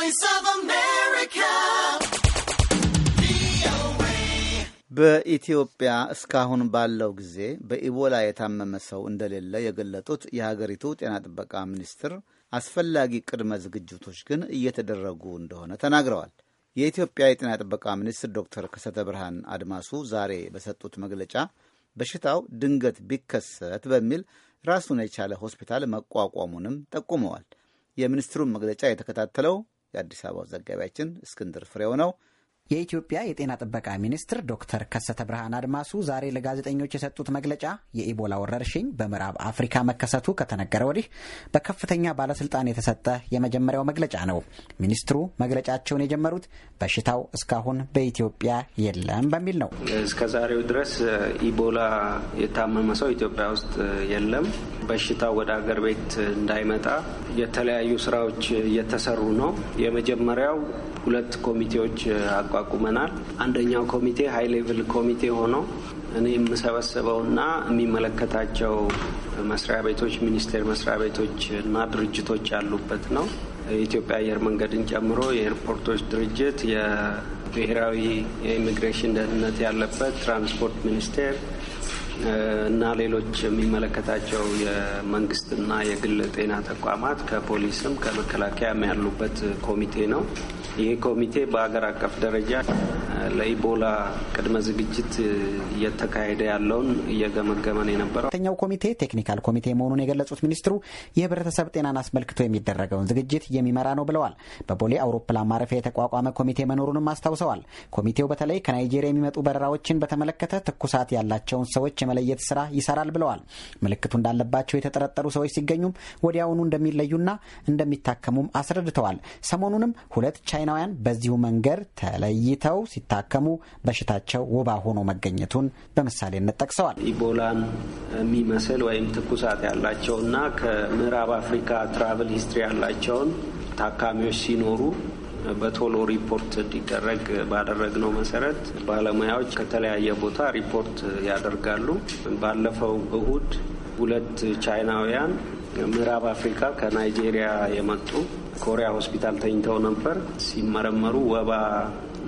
ቮይስ ኦፍ አሜሪካ በኢትዮጵያ እስካሁን ባለው ጊዜ በኢቦላ የታመመ ሰው እንደሌለ የገለጡት የሀገሪቱ ጤና ጥበቃ ሚኒስትር አስፈላጊ ቅድመ ዝግጅቶች ግን እየተደረጉ እንደሆነ ተናግረዋል። የኢትዮጵያ የጤና ጥበቃ ሚኒስትር ዶክተር ከሰተ ብርሃን አድማሱ ዛሬ በሰጡት መግለጫ በሽታው ድንገት ቢከሰት በሚል ራሱን የቻለ ሆስፒታል መቋቋሙንም ጠቁመዋል። የሚኒስትሩን መግለጫ የተከታተለው የአዲስ አበባው ዘጋቢያችን እስክንድር ፍሬው ነው። የኢትዮጵያ የጤና ጥበቃ ሚኒስትር ዶክተር ከሰተ ብርሃን አድማሱ ዛሬ ለጋዜጠኞች የሰጡት መግለጫ የኢቦላ ወረርሽኝ በምዕራብ አፍሪካ መከሰቱ ከተነገረ ወዲህ በከፍተኛ ባለስልጣን የተሰጠ የመጀመሪያው መግለጫ ነው። ሚኒስትሩ መግለጫቸውን የጀመሩት በሽታው እስካሁን በኢትዮጵያ የለም በሚል ነው። እስከ ዛሬው ድረስ ኢቦላ የታመመ ሰው ኢትዮጵያ ውስጥ የለም። በሽታው ወደ አገር ቤት እንዳይመጣ የተለያዩ ስራዎች እየተሰሩ ነው። የመጀመሪያው ሁለት ኮሚቴዎች አቋ አቋቁመናል። አንደኛው ኮሚቴ ሀይ ሌቭል ኮሚቴ ሆኖ እኔ የምሰበስበውና የሚመለከታቸው መስሪያ ቤቶች፣ ሚኒስቴር መስሪያ ቤቶች እና ድርጅቶች ያሉበት ነው። የኢትዮጵያ አየር መንገድን ጨምሮ የኤርፖርቶች ድርጅት፣ የብሔራዊ የኢሚግሬሽን ደህንነት ያለበት፣ ትራንስፖርት ሚኒስቴር እና ሌሎች የሚመለከታቸው የመንግስትና የግል ጤና ተቋማት ከፖሊስም ከመከላከያም ያሉበት ኮሚቴ ነው። ይህ ኮሚቴ በሀገር አቀፍ ደረጃ ለኢቦላ ቅድመ ዝግጅት እየተካሄደ ያለውን እየገመገመን የነበረው ተኛው ኮሚቴ ቴክኒካል ኮሚቴ መሆኑን የገለጹት ሚኒስትሩ የህብረተሰብ ጤናን አስመልክቶ የሚደረገውን ዝግጅት የሚመራ ነው ብለዋል። በቦሌ አውሮፕላን ማረፊያ የተቋቋመ ኮሚቴ መኖሩንም አስታውሰዋል። ኮሚቴው በተለይ ከናይጄሪያ የሚመጡ በረራዎችን በተመለከተ ትኩሳት ያላቸውን ሰዎች የመለየት ስራ ይሰራል ብለዋል። ምልክቱ እንዳለባቸው የተጠረጠሩ ሰዎች ሲገኙም ወዲያውኑ እንደሚለዩና እንደሚታከሙም አስረድተዋል። ሰሞኑንም ሁለት ቻይናውያን በዚሁ መንገድ ተለይተው ሲታከሙ በሽታቸው ወባ ሆኖ መገኘቱን በምሳሌነት ጠቅሰዋል። ኢቦላን የሚመስል ወይም ትኩሳት ያላቸውና ከምዕራብ አፍሪካ ትራቭል ሂስትሪ ያላቸውን ታካሚዎች ሲኖሩ በቶሎ ሪፖርት እንዲደረግ ባደረግነው መሰረት ባለሙያዎች ከተለያየ ቦታ ሪፖርት ያደርጋሉ። ባለፈው እሁድ ሁለት ቻይናውያን ምዕራብ አፍሪካ ከናይጄሪያ የመጡ ኮሪያ ሆስፒታል ተኝተው ነበር። ሲመረመሩ ወባ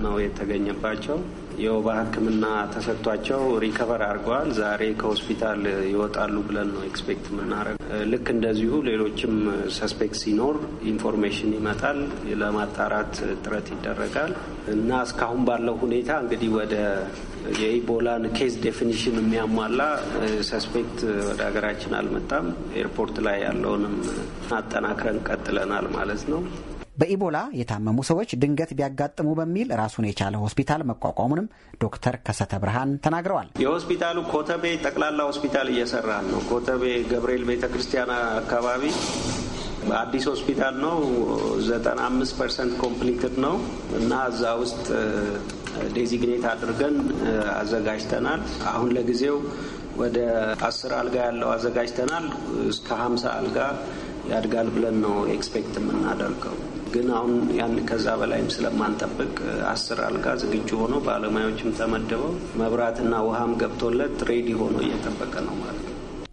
ነው የተገኘባቸው። የወባ ሕክምና ተሰጥቷቸው ሪከቨር አድርገዋል። ዛሬ ከሆስፒታል ይወጣሉ ብለን ነው ኤክስፔክት የምናደርግ። ልክ እንደዚሁ ሌሎችም ሰስፔክት ሲኖር ኢንፎርሜሽን ይመጣል፣ ለማጣራት ጥረት ይደረጋል እና እስካሁን ባለው ሁኔታ እንግዲህ ወደ የኢቦላን ኬዝ ዴፊኒሽን የሚያሟላ ሰስፔክት ወደ ሀገራችን አልመጣም። ኤርፖርት ላይ ያለውንም አጠናክረን ቀጥለናል ማለት ነው። በኢቦላ የታመሙ ሰዎች ድንገት ቢያጋጥሙ በሚል ራሱን የቻለ ሆስፒታል መቋቋሙንም ዶክተር ከሰተ ብርሃን ተናግረዋል። የሆስፒታሉ ኮተቤ ጠቅላላ ሆስፒታል እየሰራ ነው። ኮተቤ ገብርኤል ቤተ ክርስቲያን አካባቢ አዲስ ሆስፒታል ነው። ዘጠና አምስት ፐርሰንት ኮምፕሊትድ ነው እና እዛ ውስጥ ዴዚግኔት አድርገን አዘጋጅተናል። አሁን ለጊዜው ወደ አስር አልጋ ያለው አዘጋጅተናል እስከ ሀምሳ አልጋ ያድጋል ብለን ነው ኤክስፔክት የምናደርገው። ግን አሁን ያን ከዛ በላይም ስለማንጠብቅ አስር አልጋ ዝግጁ ሆኖ ባለሙያዎችም ተመድበው መብራትና ውሃም ገብቶለት ሬዲ ሆኖ እየጠበቀ ነው ማለት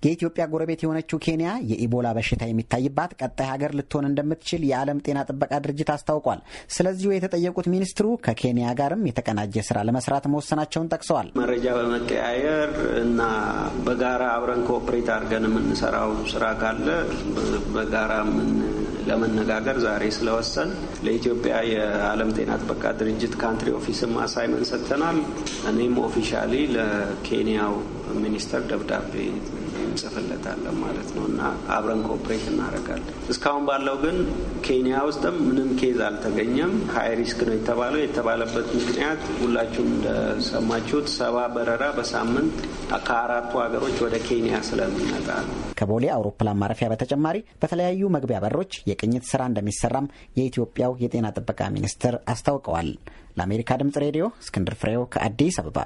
የኢትዮጵያ ጎረቤት የሆነችው ኬንያ የኢቦላ በሽታ የሚታይባት ቀጣይ ሀገር ልትሆን እንደምትችል የዓለም ጤና ጥበቃ ድርጅት አስታውቋል። ስለዚሁ የተጠየቁት ሚኒስትሩ ከኬንያ ጋርም የተቀናጀ ስራ ለመስራት መወሰናቸውን ጠቅሰዋል። መረጃ በመቀያየር እና በጋራ አብረን ኮኦፕሬት አድርገን የምንሰራው ስራ ካለ በጋራ ምን ለመነጋገር ዛሬ ስለወሰን ለኢትዮጵያ የዓለም ጤና ጥበቃ ድርጅት ካንትሪ ኦፊስም አሳይመን ሰጥተናል። እኔም ኦፊሻሊ ለኬንያው ሚኒስተር ደብዳቤ እንጽፍለታለን ማለት ነው እና አብረን ኮኦፕሬት እናደርጋለን። እስካሁን ባለው ግን ኬንያ ውስጥም ምንም ኬዝ አልተገኘም። ሀይ ሪስክ ነው የተባለው። የተባለበት ምክንያት ሁላችሁም እንደሰማችሁት ሰባ በረራ በሳምንት ከአራቱ ሀገሮች ወደ ኬንያ ስለሚመጣ ከቦሌ አውሮፕላን ማረፊያ በተጨማሪ በተለያዩ መግቢያ በሮች የቅኝት ስራ እንደሚሰራም የኢትዮጵያው የጤና ጥበቃ ሚኒስትር አስታውቀዋል። ለአሜሪካ ድምጽ ሬዲዮ እስክንድር ፍሬው ከአዲስ አበባ